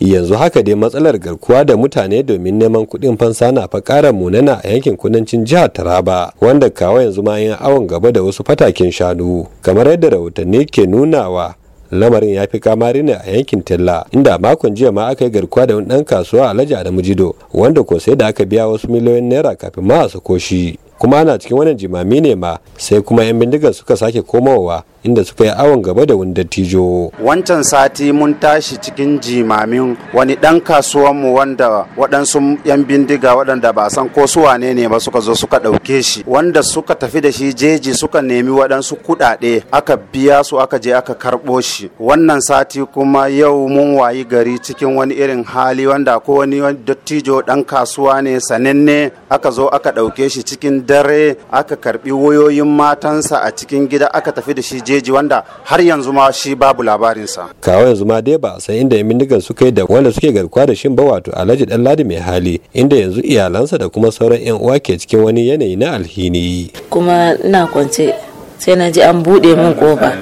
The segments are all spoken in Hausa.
yanzu haka dai matsalar garkuwa da mutane domin neman kuɗin fansa na fa ƙara munana a yankin kudancin jihar taraba wanda kawo yanzu ma yin awon gaba da wasu fatakin shanu kamar yadda rahotanni ke nunawa lamarin ya fi kamari ne a yankin tella inda makon jiya ma aka yi garkuwa da wani ɗan kasuwa alhaji adamu jido wanda ko sai da aka biya wasu miliyoyin naira kafin ma a koshi kuma ana cikin wannan jimami ne ma sai kuma 'yan bindigar suka sake komowa inda suka yi awon gaba da wani dattijo. Wancan sati mun tashi cikin jimamin wani ɗan kasuwanmu wanda waɗansu 'yan bindiga waɗanda ba san ko su wane ne ba suka zo suka ɗauke shi wanda suka tafi da shi jeji suka nemi waɗansu kuɗaɗe aka biya su aka je aka karɓo shi. Wannan sati kuma yau mun wayi gari cikin wani irin hali wanda ko wani dattijo ɗan kasuwa ne sananne aka zo aka ɗauke shi cikin dare aka karɓi wayoyin matansa a cikin gida aka tafi da shi jeji wanda har yanzu ma shi babu labarinsa kawo yanzu ma dai ba san inda yamindigan suka yi da wanda suke garkuwa da shin ba wato alhaji dan ladi mai hali inda yanzu iyalansa da kuma sauran yan uwa ke cikin wani yanayi na alhini kuma ina kwance sai na ji an buɗe min ƙofa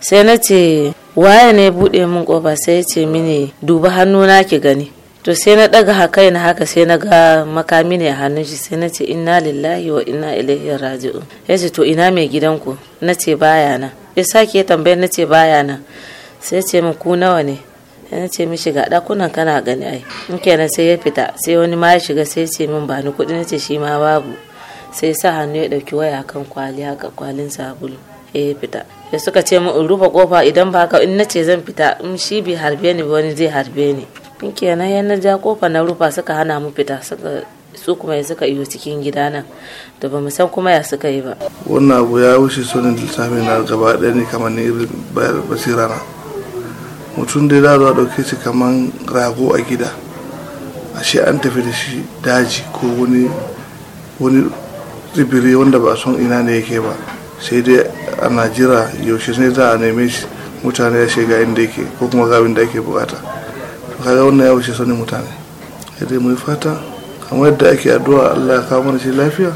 sai na ce waye ne buɗe min ƙofa sai ce mini duba hannu na ki gani to sai na daga hakai na haka sai na ga makami ne a hannun shi sai na ce inna lillahi wa inna ilaihi raji'un ya ce to ina mai gidanku na ce baya na ya sake ya tambaya na ce baya na sai ce min ku nawa ne ya ce mishi da dakunan kana gani ai in kenan sai ya fita sai wani ma ya shiga sai ce min ba ni kuɗi na ce shi ma babu sai sa hannu ya ɗauki waya kan kwali haka kwalin sabulu ya fita da suka ce mu in rufe kofa idan ba haka in na ce zan fita in shi bi harbe ni wani zai harbe ni kenan yana ja kofa na rufa suka hana mu fita suka su kuma suka iyo cikin gida nan da ba san kuma ya suka yi ba wannan abu ya wuce sonin littafin na gaba ɗaya ne kamar ni irin bayar basira na mutum dai da zuwa ɗauke shi kamar rago a gida a shi an tafi da shi daji ko wani wani tsibiri wanda ba son ina ne yake ba sai dai a najira yaushe ne za a neme shi mutane ya shiga inda yake ko kuma gabin da ake bukata kaga wannan yawon mutane mu fata kamar yadda ake addu'a Allah ya kawo mana shi lafiya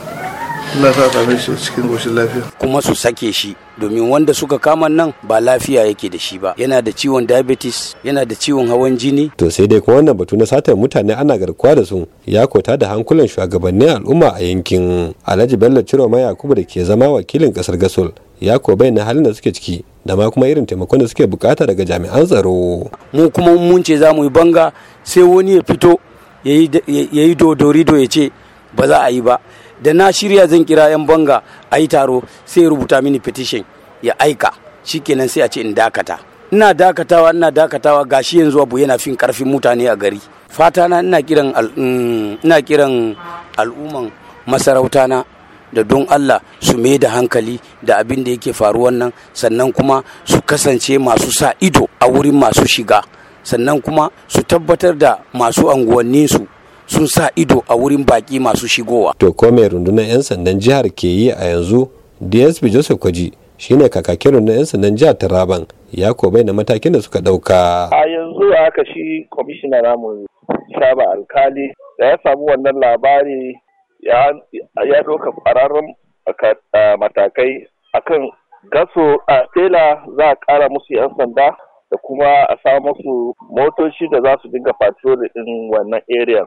Allah ya shi cikin goshin lafiya kuma su sake shi domin wanda suka kama nan ba lafiya yake da shi ba yana da ciwon diabetes yana da ciwon hawan jini to sai dai kuma wannan batu na satar mutane ana garkuwa da su ya kota da hankulan shugabannin al'umma a yankin Alhaji Bello ciro Ciroma Yakubu da ke zama wakilin kasar Gasol ya ko bayyana halin da suke ciki da ma kuma irin taimakon da suke bukata daga jami'an tsaro mu kuma mun ce za mu yi banga sai wani ya fito ya yi dodorido ya ce ba za a yi ba da na shirya zan kira 'yan banga a yi taro sai rubuta mini petition ya aika shi kenan sai a ce in dakata ina dakatawa ina dakatawa gashi yanzu abu yana fin karfin mutane a gari Fatana mm, ina kiran al'umman masarautana da don Allah su mai da hankali da abin da yake faruwan nan sannan kuma su kasance masu sa ido a wurin masu shiga sannan kuma su tabbatar da masu unguwanninsu sun sa ido a wurin baki masu shigowa. To ko mai rundunar 'yan sandan jihar ke yi a yanzu DSP Joseph Kwaji shine kakakin rundunar 'yan sandan jihar Taraban ya ko na matakin da suka dauka. A yanzu haka shi kwamishina namu Shaba Alkali da ya samu wannan labari ya doka kwararren matakai akan gaso a tela za a ƙara musu 'yan sanda da kuma a samu musu motoci da za su dinga patrol din wannan area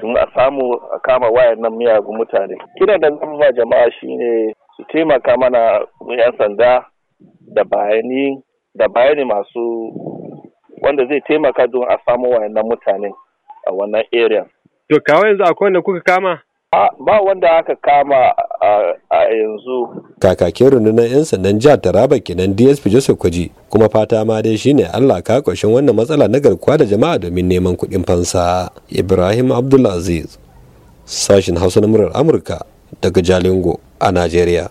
tun a samu a kama wayan nan miyagun mutane kiran da zama ba jama'a shine su taimaka mana 'yan sanda da bayani da bayani masu wanda zai taimaka don a samu wayannan mutane a wannan area to kawai yanzu akwai wanda kuka kama ba wanda aka kama a yanzu kakakin rundunar 'yan sandan jihar taraba kenan dsp joseph kwaji kuma fata ma dai shine allah ka kwashin wannan matsala na garkuwa da jama'a domin neman kuɗin fansa ibrahim abdulaziz sashin hausa na murar amurka daga jalingo a najeriya